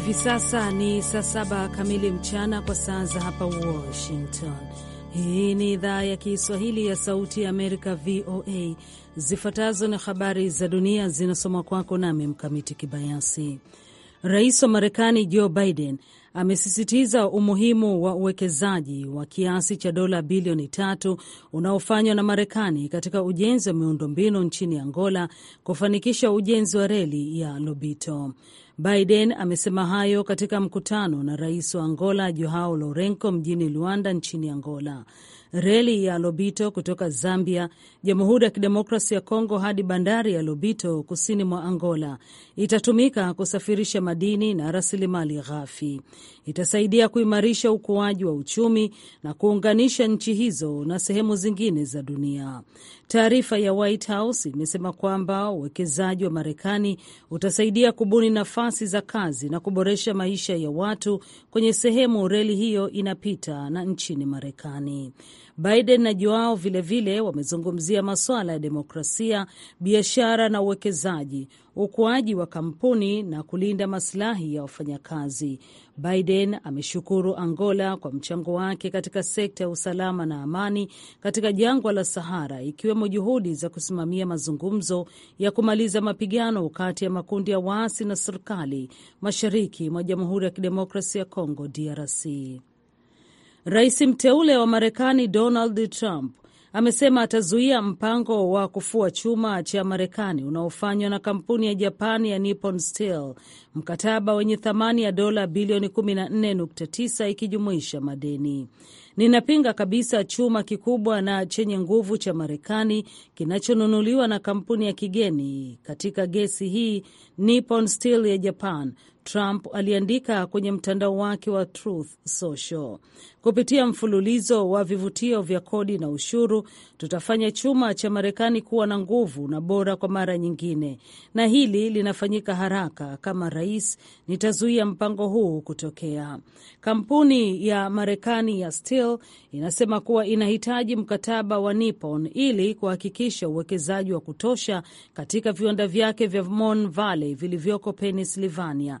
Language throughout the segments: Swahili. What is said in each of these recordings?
Hivi sasa ni saa saba kamili mchana kwa saa za hapa Washington. Hii ni idhaa ya Kiswahili ya Sauti ya Amerika, VOA. Zifuatazo na habari za dunia zinasoma kwako nami Mkamiti Kibayasi. Rais wa Marekani Joe Biden amesisitiza umuhimu wa uwekezaji wa kiasi cha dola bilioni tatu unaofanywa na Marekani katika ujenzi wa miundombinu nchini Angola kufanikisha ujenzi wa reli ya Lobito. Biden amesema hayo katika mkutano na rais wa Angola Joao Lourenco mjini Luanda nchini Angola reli ya Lobito kutoka Zambia, Jamhuri ya Kidemokrasi ya Kongo hadi bandari ya Lobito kusini mwa Angola itatumika kusafirisha madini na rasilimali ghafi. Itasaidia kuimarisha ukuaji wa uchumi na kuunganisha nchi hizo na sehemu zingine za dunia. Taarifa ya White House imesema kwamba uwekezaji wa Marekani utasaidia kubuni nafasi za kazi na kuboresha maisha ya watu kwenye sehemu reli hiyo inapita na nchini Marekani. Biden na Joao vilevile wamezungumzia masuala ya demokrasia, biashara na uwekezaji, ukuaji wa kampuni na kulinda masilahi ya wafanyakazi. Biden ameshukuru Angola kwa mchango wake katika sekta ya usalama na amani katika jangwa la Sahara, ikiwemo juhudi za kusimamia mazungumzo ya kumaliza mapigano kati ya makundi ya waasi na serikali mashariki mwa Jamhuri ya Kidemokrasia ya Kongo, DRC. Rais mteule wa Marekani Donald Trump amesema atazuia mpango wa kufua chuma cha Marekani unaofanywa na kampuni ya Japani ya Nippon Steel, mkataba wenye thamani ya dola bilioni 14.9 ikijumuisha madeni. Ninapinga kabisa chuma kikubwa na chenye nguvu cha Marekani kinachonunuliwa na kampuni ya kigeni katika gesi hii Nippon Steel ya Japan Trump aliandika kwenye mtandao wake wa Truth Social, kupitia mfululizo wa vivutio vya kodi na ushuru, tutafanya chuma cha Marekani kuwa na nguvu na bora kwa mara nyingine, na hili linafanyika haraka. Kama rais, nitazuia mpango huu kutokea. Kampuni ya Marekani ya Steel inasema kuwa inahitaji mkataba wa Nippon ili kuhakikisha uwekezaji wa kutosha katika viwanda vyake vya Mon Valley vilivyoko Pennsylvania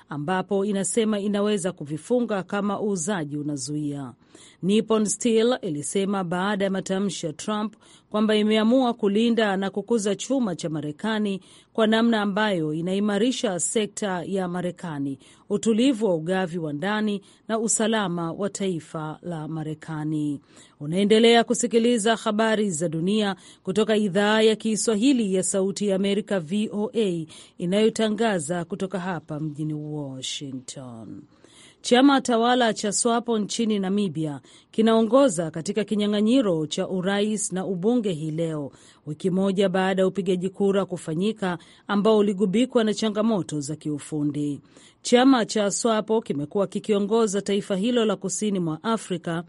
ambapo inasema inaweza kuvifunga kama uuzaji unazuia. Nippon Steel ilisema baada ya matamshi ya Trump kwamba imeamua kulinda na kukuza chuma cha Marekani kwa namna ambayo inaimarisha sekta ya Marekani, utulivu wa ugavi wa ndani na usalama wa taifa la Marekani. Unaendelea kusikiliza habari za dunia kutoka idhaa ya Kiswahili ya Sauti ya Amerika, VOA, inayotangaza kutoka hapa mjini Washington. Washington. Chama tawala cha SWAPO nchini Namibia kinaongoza katika kinyang'anyiro cha urais na ubunge hii leo, wiki moja baada ya upigaji kura kufanyika ambao uligubikwa na changamoto za kiufundi. Chama cha SWAPO kimekuwa kikiongoza taifa hilo la kusini mwa Afrika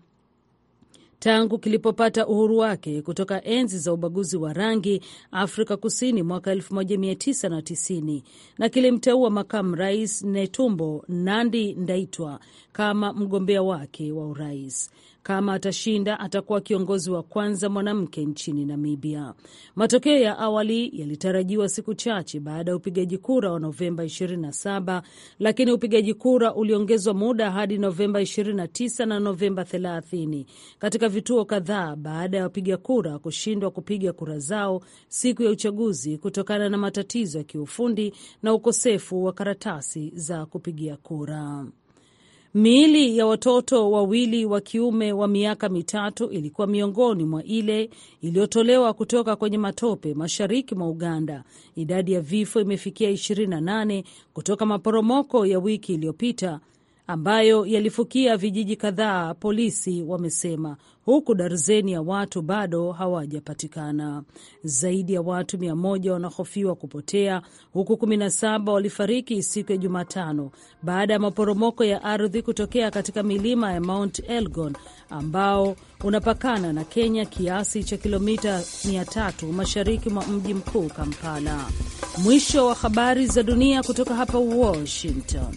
Tangu kilipopata uhuru wake kutoka enzi za ubaguzi wa rangi Afrika Kusini mwaka 1990 na kilimteua makamu rais Netumbo Nandi Ndaitwa kama mgombea wake wa urais. Kama atashinda, atakuwa kiongozi wa kwanza mwanamke nchini Namibia. Matokeo ya awali yalitarajiwa siku chache baada ya upigaji kura wa Novemba 27, lakini upigaji kura uliongezwa muda hadi Novemba 29 na Novemba 30 katika vituo kadhaa baada ya wapiga kura kushindwa kupiga kura zao siku ya uchaguzi kutokana na matatizo ya kiufundi na ukosefu wa karatasi za kupigia kura. Miili ya watoto wawili wa kiume wa miaka mitatu ilikuwa miongoni mwa ile iliyotolewa kutoka kwenye matope mashariki mwa Uganda. Idadi ya vifo imefikia 28 kutoka maporomoko ya wiki iliyopita ambayo yalifukia vijiji kadhaa, polisi wamesema, huku darzeni ya watu bado hawajapatikana. Zaidi ya watu mia moja wanahofiwa kupotea, huku kumi na saba walifariki siku ya Jumatano baada ya maporomoko ya ardhi kutokea katika milima ya Mount Elgon ambao unapakana na Kenya kiasi cha kilomita 300 mashariki mwa mji mkuu Kampala. Mwisho wa habari za dunia kutoka hapa Washington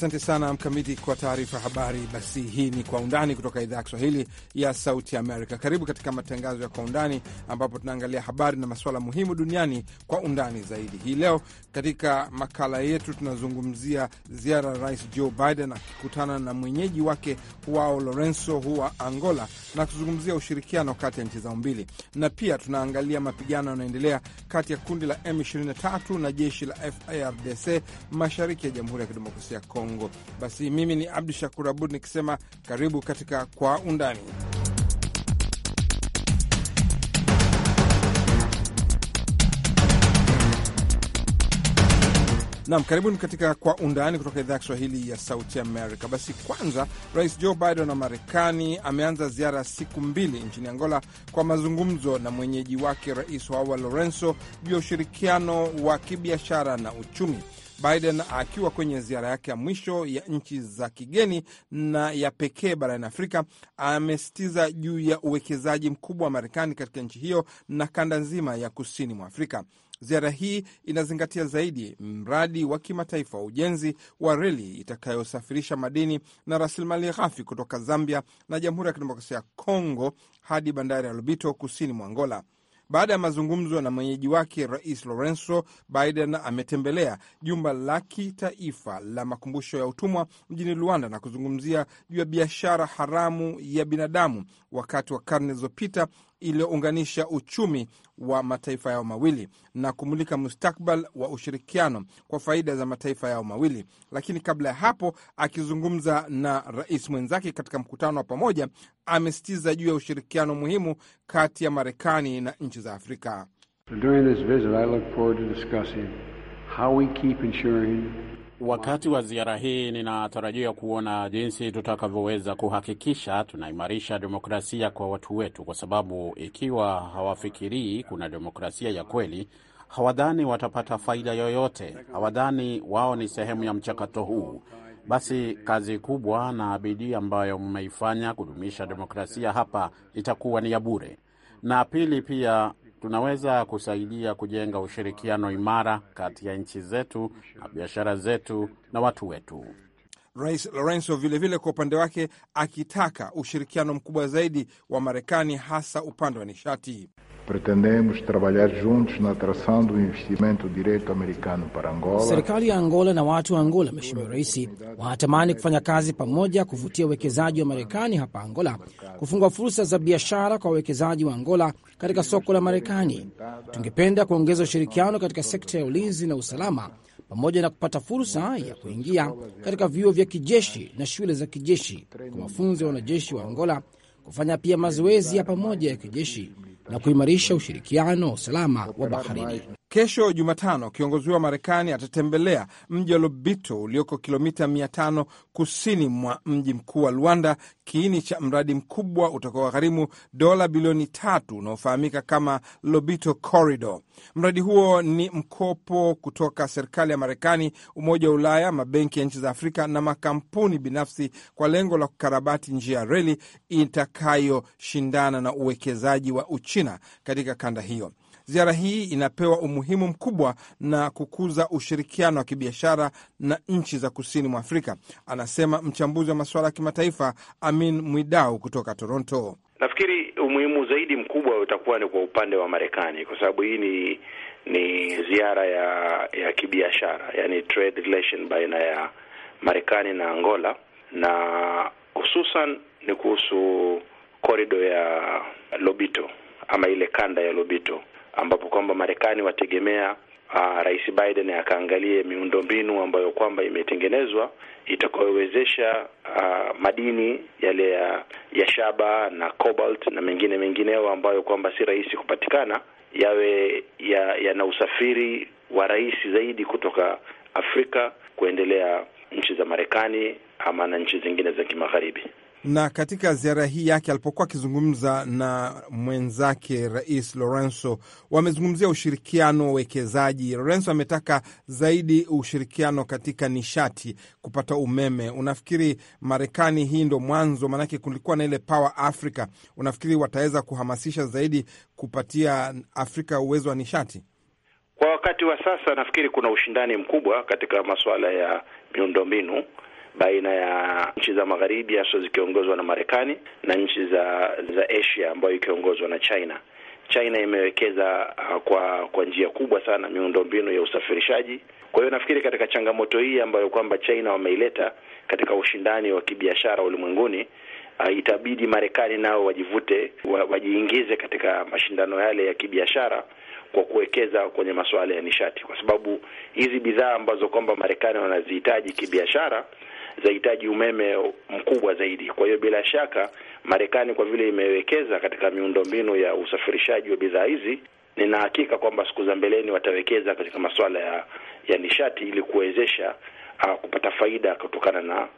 Asante sana Mkamiti kwa taarifa habari. Basi hii ni Kwa Undani kutoka idhaa ya Kiswahili ya Sauti Amerika. Karibu katika matangazo ya Kwa Undani ambapo tunaangalia habari na masuala muhimu duniani kwa undani zaidi. Hii leo katika makala yetu tunazungumzia ziara ya Rais Joe Biden akikutana na mwenyeji wake wao Lorenzo huwa Angola na kuzungumzia ushirikiano kati ya nchi zao mbili, na pia tunaangalia mapigano yanaoendelea kati ya kundi la M23 na jeshi la FARDC mashariki ya Jamhuri ya Kidemokrasia ya Kongo. Kongo. Basi mimi ni Abdu Shakur Abud nikisema karibu katika Kwa Undani. Nam, karibuni katika Kwa Undani kutoka idhaa ya Kiswahili ya Sauti Amerika. Basi kwanza, Rais Joe Biden wa Marekani ameanza ziara ya siku mbili nchini Angola kwa mazungumzo na mwenyeji wake Rais Wawa Lorenzo juu ya ushirikiano wa kibiashara na uchumi. Biden akiwa kwenye ziara yake ya mwisho ya nchi za kigeni na ya pekee barani Afrika amesitiza juu ya uwekezaji mkubwa wa Marekani katika nchi hiyo na kanda nzima ya kusini mwa Afrika. Ziara hii inazingatia zaidi mradi wa kimataifa wa ujenzi wa reli itakayosafirisha madini na rasilimali ghafi kutoka Zambia na Jamhuri ya Kidemokrasia ya Kongo hadi bandari ya Lobito kusini mwa Angola. Baada ya mazungumzo na mwenyeji wake Rais Lorenzo, Biden ametembelea jumba la kitaifa la makumbusho ya utumwa mjini Luanda na kuzungumzia juu ya biashara haramu ya binadamu wakati wa karne zilizopita iliyounganisha uchumi wa mataifa yao mawili na kumulika mustakbal wa ushirikiano kwa faida za mataifa yao mawili. Lakini kabla ya hapo, akizungumza na rais mwenzake katika mkutano wa pamoja, amesitiza juu ya ushirikiano muhimu kati ya Marekani na nchi za Afrika. During this visit, I look forward to discussing how we keep ensuring Wakati wa ziara hii ninatarajia kuona jinsi tutakavyoweza kuhakikisha tunaimarisha demokrasia kwa watu wetu, kwa sababu ikiwa hawafikirii kuna demokrasia ya kweli, hawadhani watapata faida yoyote, hawadhani wao ni sehemu ya mchakato huu. Basi kazi kubwa na bidii ambayo mmeifanya kudumisha demokrasia hapa itakuwa ni ya bure. Na pili, pia tunaweza kusaidia kujenga ushirikiano imara kati ya nchi zetu na biashara zetu na watu wetu. Rais Lorenzo vilevile kwa upande wake akitaka ushirikiano mkubwa zaidi wa Marekani hasa upande wa nishati pretendemos trabalhar juntos na atração do investimento direto americano para Angola. Serikali ya Angola na watu wa Angola, Mheshimiwa Rais, wanatamani kufanya kazi pamoja kuvutia uwekezaji wa Marekani hapa Angola, kufungua fursa za biashara kwa wawekezaji wa Angola katika soko la Marekani. Tungependa kuongeza ushirikiano katika sekta ya ulinzi na usalama pamoja na kupata fursa ya kuingia katika vyuo vya kijeshi na shule za kijeshi kwa mafunzo ya wanajeshi wa Angola, kufanya pia mazoezi ya pamoja ya kijeshi na kuimarisha ushirikiano wa usalama wa baharini. Kesho Jumatano, kiongozi huyo wa Marekani atatembelea mji wa Lobito ulioko kilomita 500 kusini mwa mji mkuu wa Luanda, kiini cha mradi mkubwa utakaogharimu dola bilioni tatu unaofahamika kama Lobito Corridor. Mradi huo ni mkopo kutoka serikali ya Marekani, Umoja wa Ulaya, mabenki ya nchi za Afrika na makampuni binafsi kwa lengo la kukarabati njia ya reli itakayoshindana na uwekezaji wa Uchina katika kanda hiyo. Ziara hii inapewa umuhimu mkubwa na kukuza ushirikiano wa kibiashara na nchi za kusini mwa Afrika, anasema mchambuzi wa masuala ya kimataifa Amin Mwidau kutoka Toronto. Nafikiri umuhimu zaidi mkubwa utakuwa ni kwa upande wa Marekani kwa sababu hii ni ni ziara ya ya kibiashara, yani trade relation baina ya Marekani na Angola, na hususan ni kuhusu korido ya Lobito ama ile kanda ya Lobito ambapo kwamba Marekani wategemea Uh, Rais Biden akaangalie miundombinu ambayo kwamba imetengenezwa itakayowezesha uh, madini yale ya, ya shaba na cobalt na mengine mengineo ambayo kwamba si rahisi kupatikana yawe yana ya usafiri wa rahisi zaidi kutoka Afrika kuendelea nchi za Marekani ama na nchi zingine za kimagharibi. Na katika ziara hii yake alipokuwa akizungumza na mwenzake Rais Lorenzo, wamezungumzia ushirikiano wa uwekezaji. Lorenzo ametaka zaidi ushirikiano katika nishati, kupata umeme. Unafikiri Marekani hii ndo mwanzo? Maanake kulikuwa na ile Power Africa. Unafikiri wataweza kuhamasisha zaidi kupatia Afrika uwezo wa nishati? Kwa wakati wa sasa nafikiri kuna ushindani mkubwa katika masuala ya miundombinu baina ya nchi za magharibi hasa zikiongozwa na Marekani na nchi za za Asia ambayo ikiongozwa na China. China imewekeza uh, kwa kwa njia kubwa sana miundombinu ya usafirishaji. Kwa hiyo nafikiri katika changamoto hii ambayo kwamba China wameileta katika ushindani wa kibiashara ulimwenguni, uh, itabidi Marekani nao wajivute, wajiingize katika mashindano yale ya kibiashara kwa kuwekeza kwenye masuala ya nishati, kwa sababu hizi bidhaa ambazo kwamba Marekani wanazihitaji kibiashara zahitaji umeme mkubwa zaidi. Kwa hiyo bila shaka, Marekani kwa vile imewekeza katika miundombinu ya usafirishaji wa bidhaa hizi, nina hakika kwamba siku za mbeleni watawekeza katika masuala ya, ya nishati ili kuwezesha uh, kupata faida kutokana na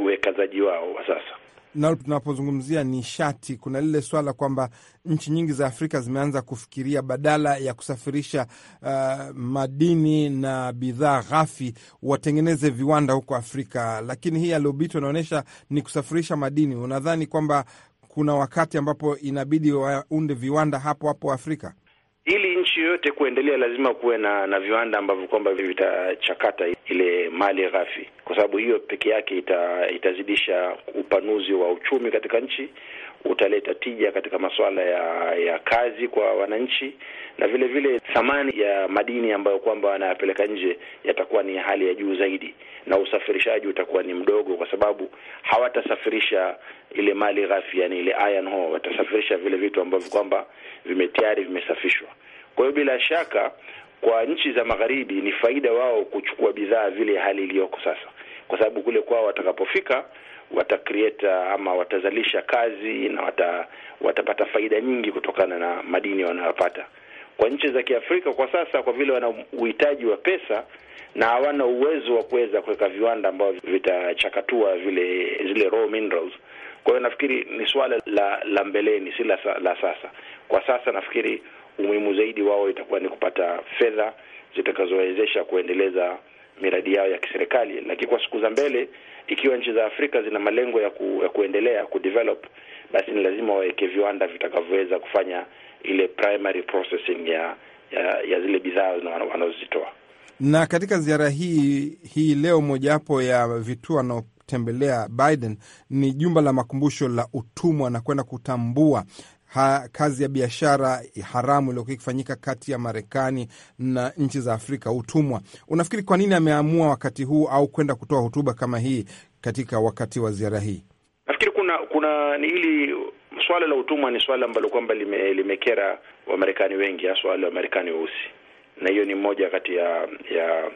uwekezaji we, wao wa sasa nalo tunapozungumzia nishati, kuna lile swala kwamba nchi nyingi za Afrika zimeanza kufikiria badala ya kusafirisha uh, madini na bidhaa ghafi watengeneze viwanda huko Afrika, lakini hii yaliobitwa anaonyesha ni kusafirisha madini. Unadhani kwamba kuna wakati ambapo inabidi waunde viwanda hapo hapo Afrika? Ili nchi yoyote kuendelea, lazima kuwe na, na viwanda ambavyo kwamba vitachakata ile mali ghafi, kwa sababu hiyo peke yake ita, itazidisha upanuzi wa uchumi katika nchi utaleta tija katika masuala ya ya kazi kwa wananchi, na vile vile thamani ya madini ambayo kwamba wanayapeleka nje yatakuwa ni hali ya juu zaidi, na usafirishaji utakuwa ni mdogo, kwa sababu hawatasafirisha ile mali ghafi, yani ile iron ore, watasafirisha vile vitu ambavyo kwamba vimetayari vimesafishwa. Kwa hiyo bila shaka kwa nchi za magharibi ni faida wao kuchukua bidhaa vile hali iliyoko sasa, kwa sababu kule kwao watakapofika watakrieta ama watazalisha kazi na wata, watapata faida nyingi kutokana na madini wanayopata. Kwa nchi za Kiafrika kwa sasa, kwa vile wana uhitaji wa pesa na hawana uwezo wa kuweza kuweka viwanda ambavyo vitachakatua vile zile raw minerals. Kwa hiyo nafikiri ni suala la la mbeleni, si la, la sasa. Kwa sasa nafikiri umuhimu zaidi wao itakuwa ni kupata fedha zitakazowezesha kuendeleza miradi yao ya kiserikali, lakini kwa siku za mbele ikiwa nchi za Afrika zina malengo ya, ku, ya kuendelea kudevelop, basi ni lazima waweke viwanda vitakavyoweza kufanya ile primary processing ya ya, ya zile bidhaa wanazozitoa. Na katika ziara hii hii leo, mojawapo ya vituo wanaotembelea Biden ni jumba la makumbusho la utumwa na kwenda kutambua ha, kazi ya biashara haramu iliyokuwa ikifanyika kati ya Marekani na nchi za Afrika, utumwa. Unafikiri kwa nini ameamua wakati huu au kwenda kutoa hotuba kama hii katika wakati wa ziara hii? Nafikiri kuna kuna hili swala la utumwa ni swala ambalo kwamba lime, limekera Wamarekani wengi haswa wale Wamarekani weusi, na hiyo ni mmoja kati ya ya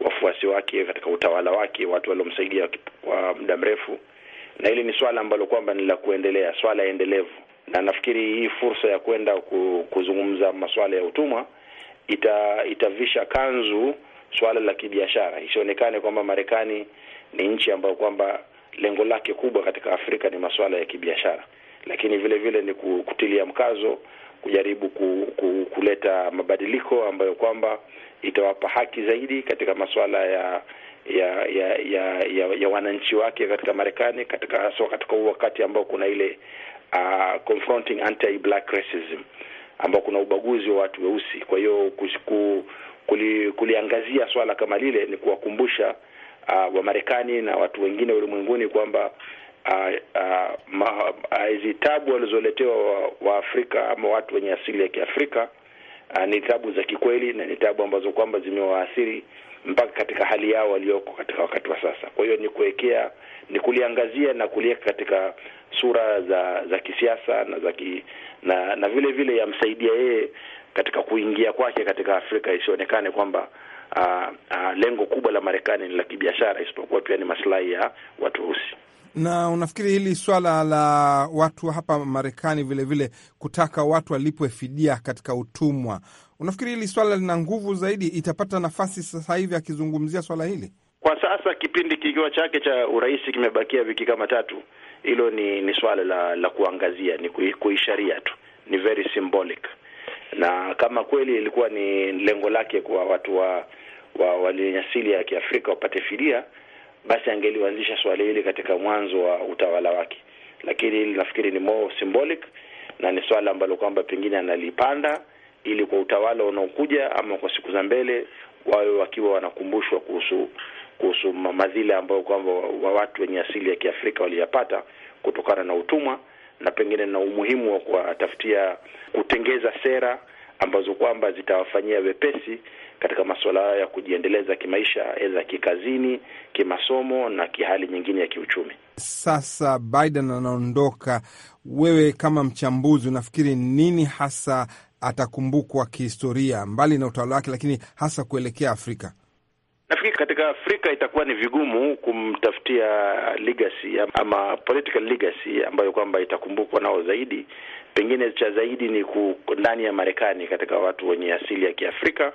wafuasi wake katika utawala wake, watu waliomsaidia kwa muda mrefu, na hili ni swala ambalo kwamba ni la kuendelea, swala endelevu na nafikiri hii fursa ya kwenda kuzungumza masuala ya utumwa ita, itavisha kanzu swala la kibiashara, isionekane kwamba Marekani ni nchi ambayo kwamba lengo lake kubwa katika Afrika ni masuala ya kibiashara, lakini vile vile ni kutilia mkazo kujaribu ku, ku, kuleta mabadiliko ambayo kwamba itawapa haki zaidi katika masuala ya ya ya ya, ya, ya wananchi wake katika Marekani katika haswa katika wakati ambao kuna ile uh, confronting anti-black racism ambao kuna ubaguzi wa watu weusi. Kwa hiyo kuli, kuliangazia swala kama lile ni kuwakumbusha uh, Wamarekani na watu wengine ulimwenguni kwamba hizi uh, uh, tabu walizoletewa Waafrika wa ama watu wenye asili ya Kiafrika uh, ni tabu za kikweli na ni tabu ambazo kwamba zimewaathiri mpaka katika hali yao walioko katika wakati wa sasa. Kwa hiyo ni kuwekea, ni kuliangazia na kuliweka katika sura za za kisiasa na za ki, na, na vile vile yamsaidia yeye katika kuingia kwake katika Afrika isionekane kwamba Uh, uh, lengo kubwa la Marekani ni la kibiashara isipokuwa pia ni maslahi ya watu weusi. Na unafikiri hili swala la watu hapa Marekani vile vile kutaka watu walipwe fidia katika utumwa, unafikiri hili swala lina nguvu zaidi, itapata nafasi sasa hivi akizungumzia swala hili? Kwa sasa kipindi kikiwa chake cha urais kimebakia wiki kama tatu, hilo ni ni swala la la kuangazia, ni kuisharia tu, ni very symbolic, na kama kweli ilikuwa ni lengo lake kwa watu wa wa asili ya Kiafrika wapate fidia, basi angeliwanzisha swali hili katika mwanzo wa utawala wake, lakini hili nafikiri ni more symbolic na ni swala ambalo kwamba pengine analipanda ili kwa utawala unaokuja ama kwa siku za mbele wawe wakiwa wanakumbushwa kuhusu kuhusu madhila ambayo kwamba wa watu wenye asili ya Kiafrika waliyapata kutokana na utumwa na pengine na umuhimu wa kuwatafutia kutengeza sera ambazo kwamba zitawafanyia wepesi katika masuala hayo ya kujiendeleza kimaisha, eza kikazini, kimasomo na kihali nyingine ya kiuchumi. Sasa Biden anaondoka, wewe kama mchambuzi unafikiri nini hasa atakumbukwa kihistoria, mbali na utawala wake, lakini hasa kuelekea Afrika? Nafikiri katika Afrika itakuwa ni vigumu kumtafutia legacy ama political legacy ambayo kwamba itakumbukwa nao zaidi. Pengine cha zaidi ni ndani ya Marekani, katika watu wenye asili ya Kiafrika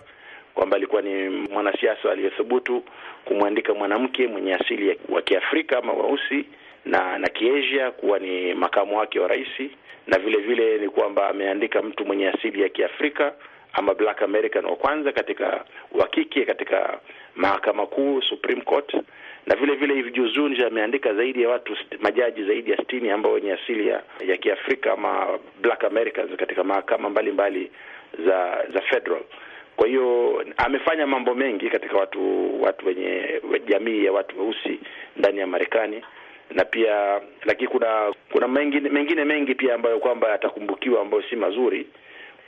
kwamba alikuwa ni mwanasiasa aliyethubutu kumwandika mwanamke mwenye asili wa Kiafrika ama weusi na na Kiasia kuwa ni makamu wake wa rais, na vile vile ni kwamba ameandika mtu mwenye asili ya Kiafrika ama black American wa kwanza katika wa kike katika mahakama kuu Supreme Court, na vile vile hivi juzuni ameandika zaidi ya watu majaji zaidi ya sitini ambao wenye asili ya, ya Kiafrika ama black Americans katika mahakama mbalimbali mbali za za federal. Kwa hiyo amefanya mambo mengi katika watu watu wenye jamii ya watu weusi ndani ya Marekani na pia lakini kuna kuna mengine mengine mengi pia ambayo kwamba yatakumbukiwa ambayo si mazuri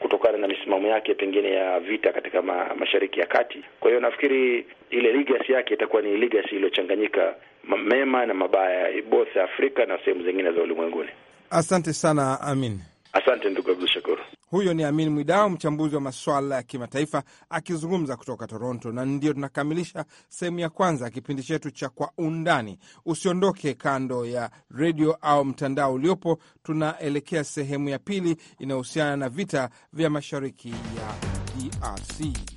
kutokana na misimamo yake pengine ya vita katika ma, Mashariki ya Kati. Kwa hiyo nafikiri ile legacy yake itakuwa ni legacy iliyochanganyika mema na mabaya, both Afrika na sehemu zingine za ulimwenguni. Asante sana Amin. Asante ndugu Abdu Shakur. Huyo ni Amin Mwidao, mchambuzi wa maswala ya kimataifa akizungumza kutoka Toronto. Na ndio tunakamilisha sehemu ya kwanza ya kipindi chetu cha Kwa Undani. Usiondoke kando ya redio au mtandao uliopo, tunaelekea sehemu ya pili inayohusiana na vita vya mashariki ya DRC.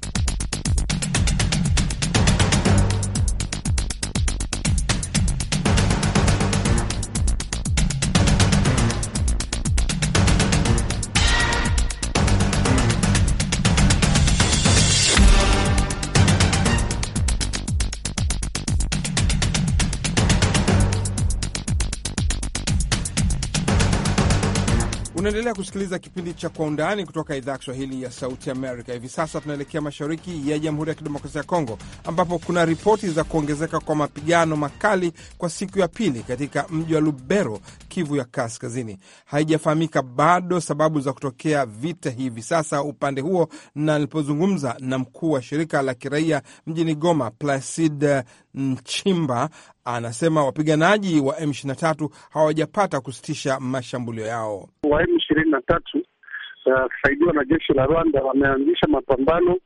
Unaendelea kusikiliza kipindi cha Kwa Undani kutoka idhaa ya Kiswahili ya Sauti Amerika. Hivi sasa tunaelekea mashariki ya Jamhuri ya Kidemokrasia ya Kongo, ambapo kuna ripoti za kuongezeka kwa mapigano makali kwa siku ya pili katika mji wa Lubero, Kivu ya Kaskazini. Haijafahamika bado sababu za kutokea vita hivi sasa upande huo, na lipozungumza na mkuu wa shirika la kiraia mjini Goma, Placid Nchimba anasema wapiganaji wa M23 hawajapata kusitisha mashambulio yao na tatu akisaidiwa uh, na jeshi la Rwanda wameanzisha mapambano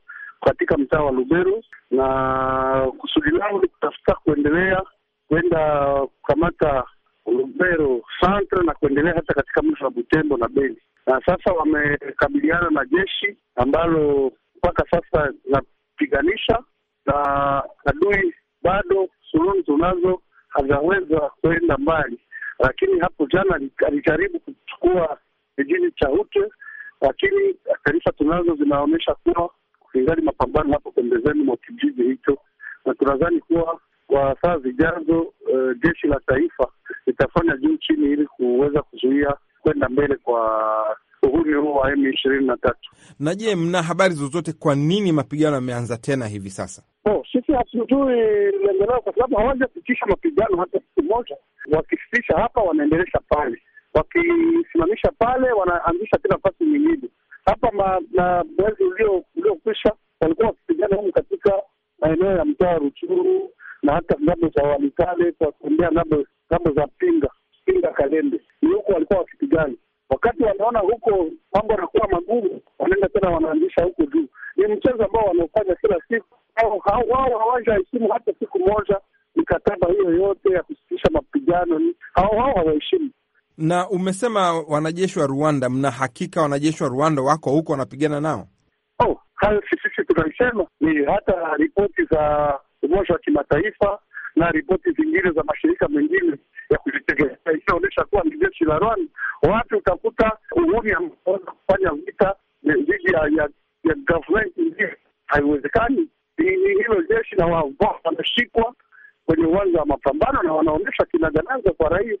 katika mtaa wa Lubero, na kusudi lao ni kutafuta kuendelea kwenda kukamata Lubero centre na kuendelea hata katika mji wa Butembo na Beni, na sasa wamekabiliana na jeshi ambalo mpaka sasa inapiganisha na adui. Bado sururu tunazo hazaweza kuenda mbali, lakini hapo jana alijaribu kuchukua kijiji cha Ute, lakini taarifa tunazo zinaonyesha kuwa ingali mapambano hapo pembezeni mwa kijiji hicho, na tunadhani kuwa kwa saa zijazo eh, jeshi uh, la taifa litafanya juu chini ili kuweza kuzuia kwenda mbele kwa uhuni huo wa M ishirini na tatu. Na je, mna habari zozote kwa nini mapigano yameanza tena hivi sasa? Oh, sisi hatujui lengo lao, kwa sababu hawajapitisha mapigano hata siku moja. Wakisitisha hapa, wanaendelesha pale wakisimamisha pale, wanaanzisha tena fasi nyingine hapa ma, na mwezi uliokwisha walikuwa wakipigana humu katika maeneo ya mtaa wa Ruchuru na hata ngambo za Walikale kwa ngambo za Pinga Pinga Kalembe, ni huko walikuwa wakipigana. Wakati wanaona huko mambo yanakuwa magumu, wanaenda tena wanaanzisha huko juu. Ni mchezo ambao wanaofanya kila siku, wao hawajaheshimu hata siku moja mikataba hiyo yote ya kusitisha mapigano, hao hawaheshimu na umesema wanajeshi wa Rwanda, mna hakika wanajeshi wa Rwanda wako huko wanapigana nao? Oh, sisi tunaisema ni hata ripoti za Umoja wa Kimataifa na ripoti zingine za mashirika mengine ya kujitegemea inaonyesha kuwa ni jeshi la Rwanda. Watu utakuta uuni ameweza kufanya vita dhidi ya ya government ingine, haiwezekani. Hilo jeshi na wameshikwa kwenye uwanja wa mapambano na wanaonyesha kinaganaza kwa rais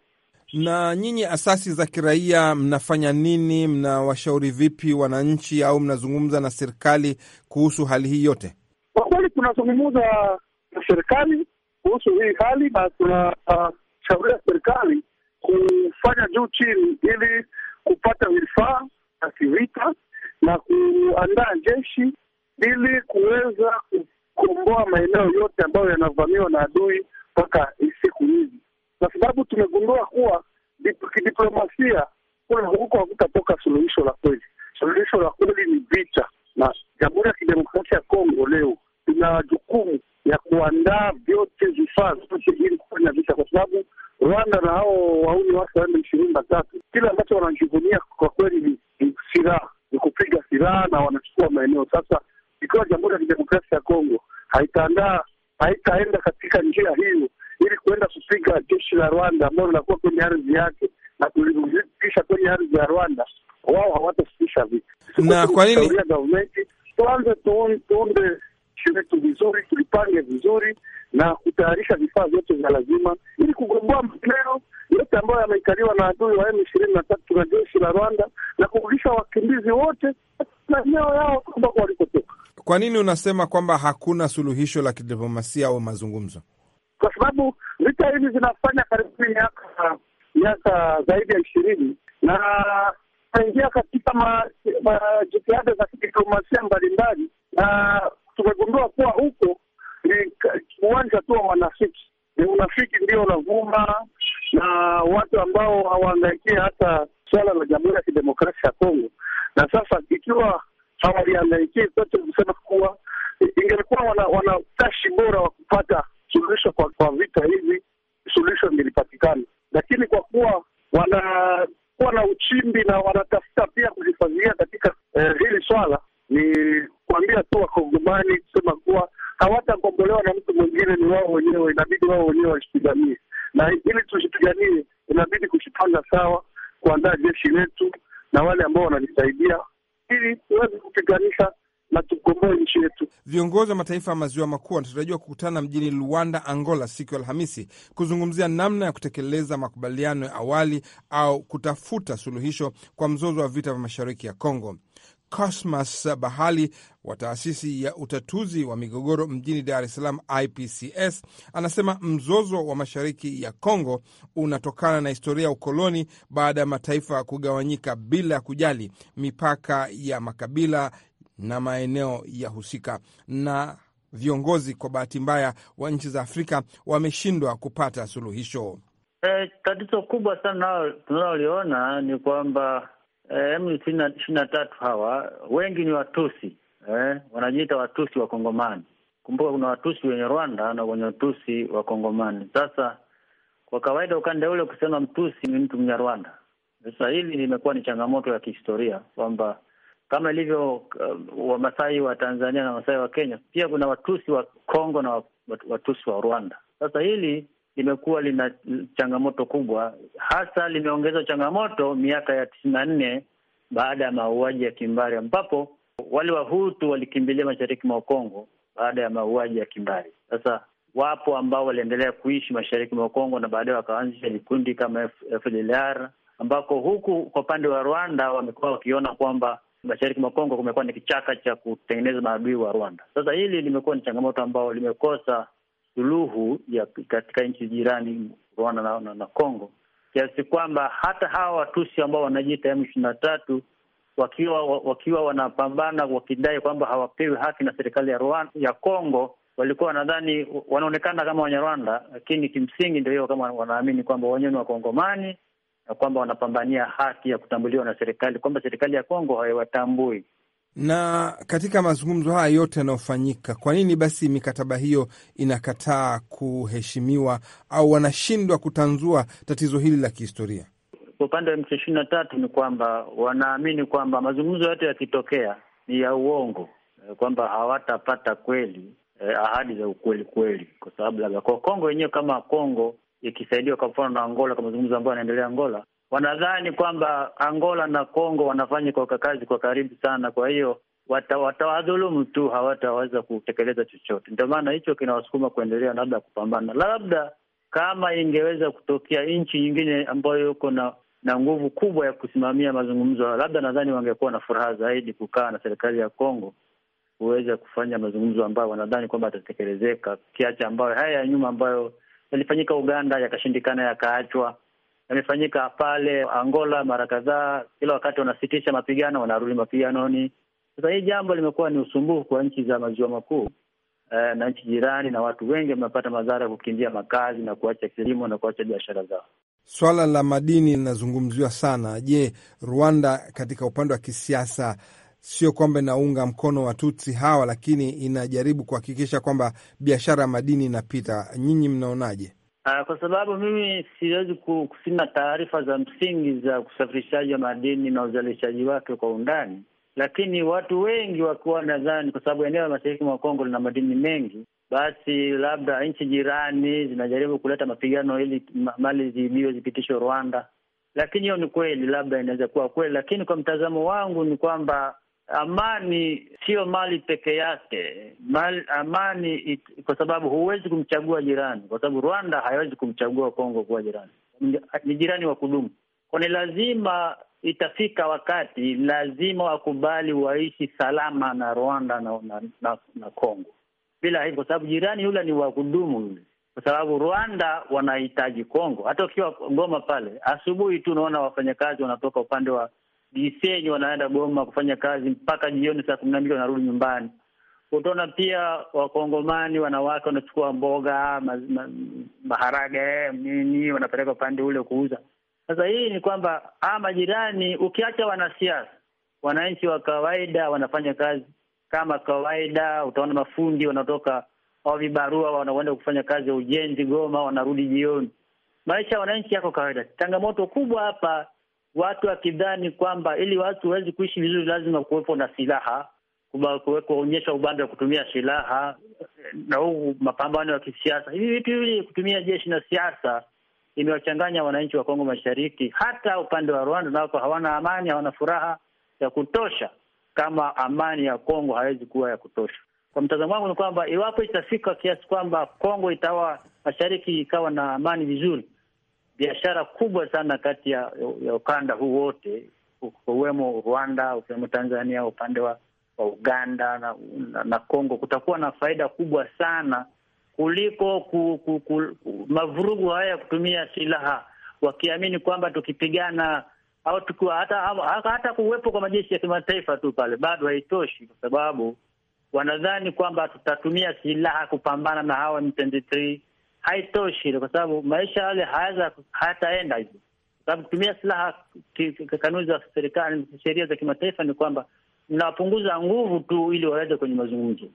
na nyinyi asasi za kiraia mnafanya nini? Mnawashauri vipi wananchi au mnazungumza na serikali kuhusu hali hii yote? Kwa kweli tunazungumza na serikali kuhusu hii hali na tunashauria uh, serikali kufanya juu chini ili kupata vifaa na kivita na kuandaa jeshi ili kuweza kukomboa maeneo yote ambayo yanavamiwa na adui mpaka siku hizi kwa sababu tumegundua kuwa kidiplomasia kuna huko hakutatoka suluhisho la kweli. Suluhisho la kweli ni vita, na Jamhuri ya Kidemokrasia ya Kongo leo tuna jukumu ya kuandaa vyote, vifaa vyote ili kufanya vita, kwa sababu Rwanda na hao wauni wake waende ishirini na tatu, kile ambacho wanajivunia kwa kweli ni silaha, ni kupiga silaha na wanachukua maeneo. Sasa ikiwa Jamhuri ya Kidemokrasia ya Kongo haitaandaa haitaenda katika njia hiyo ili kuenda kupiga jeshi la Rwanda ambalo linakuwa kwenye ardhi yake na kulirudisha kwenye ardhi ya Rwanda, wao hawatasitisha vita. Na kwa nini gavumenti tuanze tuunde vitu vizuri, tulipange vizuri na kutayarisha vifaa vyote vya lazima ili kugomboa maeneo yote ambayo yameikaliwa na adui wa M ishirini na tatu na jeshi la Rwanda na kurudisha wakimbizi wote maeneo yao ambako walikotoka. Kwa nini unasema kwamba hakuna suluhisho la kidiplomasia au mazungumzo? kwa sababu vita hivi zinafanya karibuni miaka miaka zaidi ya ishirini na tunaingia katika jitihada za kidiplomasia mbalimbali, na tumegundua kuwa huko ni uwanja tu wa wanafiki. Ni unafiki ndio unavuma, na watu ambao hawaangaikie hata suala la Jamhuri ya Kidemokrasia ya Kongo. Na sasa ikiwa hawaliangaikie kote, kusema kuwa ingelikuwa wana, wana utashi bora wa kupata suluhisho kwa, kwa vita hivi, suluhisho lilipatikana, lakini kwa kuwa wanakuwa na uchimbi na wanatafuta pia kujifadhilia katika eh, hili swala, ni kuambia tu wakongomani kusema kuwa hawatakombolewa na mtu mwingine, ni wao wenyewe, inabidi wao wenyewe wajipiganie, na ili tujipiganie, inabidi kujipanga sawa, kuandaa jeshi letu na wale ambao wanajisaidia ili tuweze kupiganisha na tukomboe nchi yetu. Viongozi wa mataifa ya maziwa makuu wanatarajiwa kukutana mjini Luanda, Angola, siku ya Alhamisi kuzungumzia namna ya kutekeleza makubaliano ya awali au kutafuta suluhisho kwa mzozo wa vita vya mashariki ya Kongo. Cosmas Bahali wa taasisi ya utatuzi wa migogoro mjini Dar es Salaam, IPCS, anasema mzozo wa mashariki ya Kongo unatokana na historia ya ukoloni baada ya mataifa kugawanyika bila ya kujali mipaka ya makabila na maeneo ya husika na viongozi kwa bahati mbaya wa nchi za Afrika wameshindwa kupata suluhisho. E, tatizo kubwa sana tunaloliona ni kwamba e, M ishirini na tatu hawa wengi ni Watusi eh, wanajiita Watusi Wakongomani. Kumbuka kuna Watusi wenye Rwanda na wenye Watusi Wakongomani. Sasa kwa kawaida ukanda ule kusema Mtusi ni mtu Mnyarwanda. Sasa hili limekuwa ni changamoto ya kihistoria kwamba kama ilivyo uh, Wamasai wa Tanzania na Wamasai wa Kenya, pia kuna Watusi wa Kongo na Watusi wa Rwanda. Sasa hili limekuwa lina changamoto kubwa, hasa limeongeza changamoto miaka ya tisini na nne baada ya mauaji ya kimbari, ambapo wale Wahutu walikimbilia mashariki mwa Kongo baada ya mauaji ya kimbari. Sasa wapo ambao waliendelea kuishi mashariki mwa Kongo na baadaye wakaanzisha vikundi kama FDLR ambako huku kwa upande wa Rwanda wamekuwa wakiona kwamba mashariki mwa Kongo kumekuwa ni kichaka cha kutengeneza maadui wa Rwanda. Sasa hili limekuwa ni changamoto ambayo limekosa suluhu ya katika nchi jirani Rwanda na, na, na Kongo, kiasi kwamba hata hawa Watusi ambao wanajiita M ishirini na tatu wakiwa wakiwa wanapambana wakidai kwamba hawapewi haki na serikali ya Rwanda, ya Kongo walikuwa wanadhani wanaonekana kama Wanyarwanda, lakini kimsingi ndio hiyo, kama wanaamini kwamba wenyewe ni Wakongomani ya kwamba wanapambania haki ya kutambuliwa na serikali, kwamba serikali ya Kongo haiwatambui. Na katika mazungumzo haya yote yanayofanyika, kwa nini basi mikataba hiyo inakataa kuheshimiwa au wanashindwa kutanzua tatizo hili la kihistoria? Kwa upande wa M ishirini na tatu ni kwamba wanaamini kwamba mazungumzo yote yakitokea ni ya uongo, eh, kwamba hawatapata kweli eh, ahadi za ukweli kweli, kwa sababu labda kwa Kongo yenyewe kama Kongo ikisaidiwa kwa mfano na Angola kwa mazungumzo ambayo yanaendelea Angola, wanadhani kwamba Angola na Kongo wanafanya kwa kazi kwa karibu sana, kwa hiyo watawadhulumu tu, hawataweza kutekeleza chochote. Ndio maana hicho kinawasukuma kuendelea labda kupambana. Labda kama ingeweza kutokea nchi nyingine ambayo iko na na nguvu kubwa ya kusimamia mazungumzo, labda nadhani wangekuwa na furaha zaidi kukaa na serikali ya Kongo kuweza kufanya mazungumzo ambayo wanadhani kwamba atatekelezeka kiacha ambayo haya ya nyuma ambayo yalifanyika Uganda yakashindikana, yakaachwa. Yamefanyika pale Angola mara kadhaa, kila wakati wanasitisha mapigano, wanarudi mapiganoni. Sasa hii jambo limekuwa ni usumbufu kwa nchi za maziwa makuu eh, na nchi jirani, na watu wengi wamepata madhara ya kukimbia makazi na kuacha kilimo na kuacha biashara zao. Swala la madini linazungumziwa sana. Je, Rwanda katika upande wa kisiasa sio kwamba inaunga mkono Watutsi hawa, lakini inajaribu kuhakikisha kwamba biashara ya madini inapita. Nyinyi mnaonaje? Ah, kwa sababu mimi siwezi kusina taarifa za msingi za usafirishaji wa madini na uzalishaji wake kwa undani, lakini watu wengi wakiwa nadhani, kwa sababu eneo la mashariki mwa Kongo lina madini mengi, basi labda nchi jirani zinajaribu kuleta mapigano ili mali ziibiwe zipitishwe Rwanda. Lakini hiyo ni kweli, labda inaweza kuwa kweli, lakini kwa mtazamo wangu ni kwamba amani siyo mali peke yake mali, amani it, kwa sababu huwezi kumchagua jirani, kwa sababu Rwanda haiwezi kumchagua Kongo kuwa jirani, ni jirani wa kudumu. Kwani lazima itafika wakati lazima wakubali waishi salama na Rwanda na, na, na, na Kongo bila hivyo, kwa sababu jirani yule ni wa kudumu yule, kwa sababu Rwanda wanahitaji Kongo. Hata ukiwa Goma pale asubuhi tu unaona wafanyakazi wanatoka upande wa Gisenyi wanaenda Goma kufanya kazi mpaka jioni saa kumi na mbili wanarudi nyumbani. Utaona pia Wakongomani wanawake wanachukua mboga ma, ma, maharage nini, wanapeleka upande ule kuuza. Sasa hii ni kwamba aa, majirani ukiacha wanasiasa, wananchi wa kawaida wanafanya kazi kama kawaida. Utaona mafundi wanatoka au vibarua wanaenda kufanya kazi ya ujenzi Goma, wanarudi jioni. Maisha ya wananchi yako kawaida. Changamoto kubwa hapa watu wakidhani kwamba ili watu waweze kuishi vizuri lazima kuwepo na silaha, kuonyesha ubande wa kutumia silaha na huu mapambano ya kisiasa. Hivi vitu hivi kutumia jeshi na siasa imewachanganya wananchi wa Kongo Mashariki, hata upande wa Rwanda nako hawana amani, hawana furaha ya kutosha, kama amani ya Kongo hawezi kuwa ya kutosha. Kwa mtazamo wangu ni kwamba iwapo itafika kiasi kwamba Kongo itawa mashariki ikawa na amani vizuri, biashara kubwa sana kati ya, ya ukanda huu wote ukiwemo Rwanda, ukiwemo Tanzania, upande wa, wa Uganda na, na, na Kongo, kutakuwa na faida kubwa sana kuliko ku, ku, ku, mavurugu haya ya kutumia silaha, wakiamini kwamba tukipigana au tukiwa hata hata kuwepo kwa majeshi ya kimataifa tu pale bado haitoshi, kwa sababu wanadhani kwamba tutatumia silaha kupambana na hawa M23 haitoshi, kwa sababu maisha yale hayataenda hivyo, kwa sababu kutumia silaha, kanuni za serikali, sheria za kimataifa ni kwamba mnawapunguza nguvu tu ili waweze kwenye mazungumzo.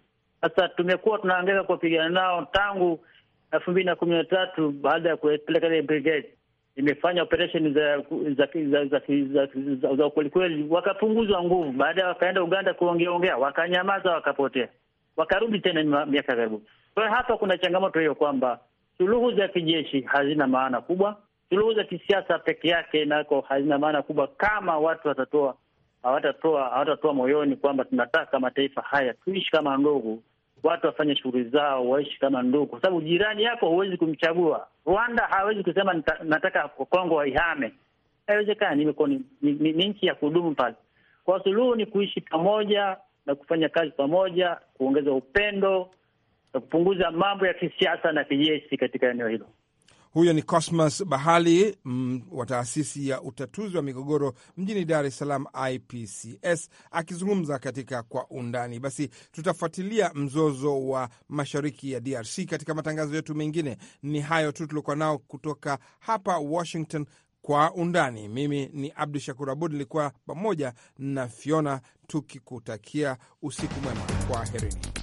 Sasa tumekuwa tunaangaika kuwapigana nao tangu elfu mbili na kumi na tatu baada ya kupeleka ile brigade imefanya operesheni za za ukwelikweli, wakapunguzwa nguvu. Baadaye wakaenda Uganda kuongeaongea, wakanyamaza, wakapotea, wakarudi tena miaka karibu. Kwa hiyo hapa kuna changamoto hiyo kwamba suluhu za kijeshi hazina maana kubwa. Suluhu za kisiasa peke yake nako hazina maana kubwa, kama watu watatoa hawatatoa hawatatoa moyoni kwamba tunataka mataifa haya tuishi kama ndugu, watu wafanye shughuli zao, waishi kama ndugu, kwa sababu jirani yako huwezi kumchagua. Rwanda hawezi kusema nataka Kongo waihame, haiwezekani. ni, ni, ni, ni nchi ya kudumu pale. Kwa suluhu ni kuishi pamoja na kufanya kazi pamoja, kuongeza upendo na kupunguza mambo ya kisiasa na kijeshi katika eneo hilo. Huyo ni Cosmas Bahali mm, wa taasisi ya utatuzi wa migogoro mjini Dar es Salaam, IPCS, akizungumza katika Kwa Undani. Basi tutafuatilia mzozo wa mashariki ya DRC katika matangazo yetu mengine. Ni hayo tu tuliokuwa nao kutoka hapa Washington. Kwa Undani, mimi ni Abdu Shakur Abud, nilikuwa pamoja na Fiona, tukikutakia usiku mwema. Kwaherini.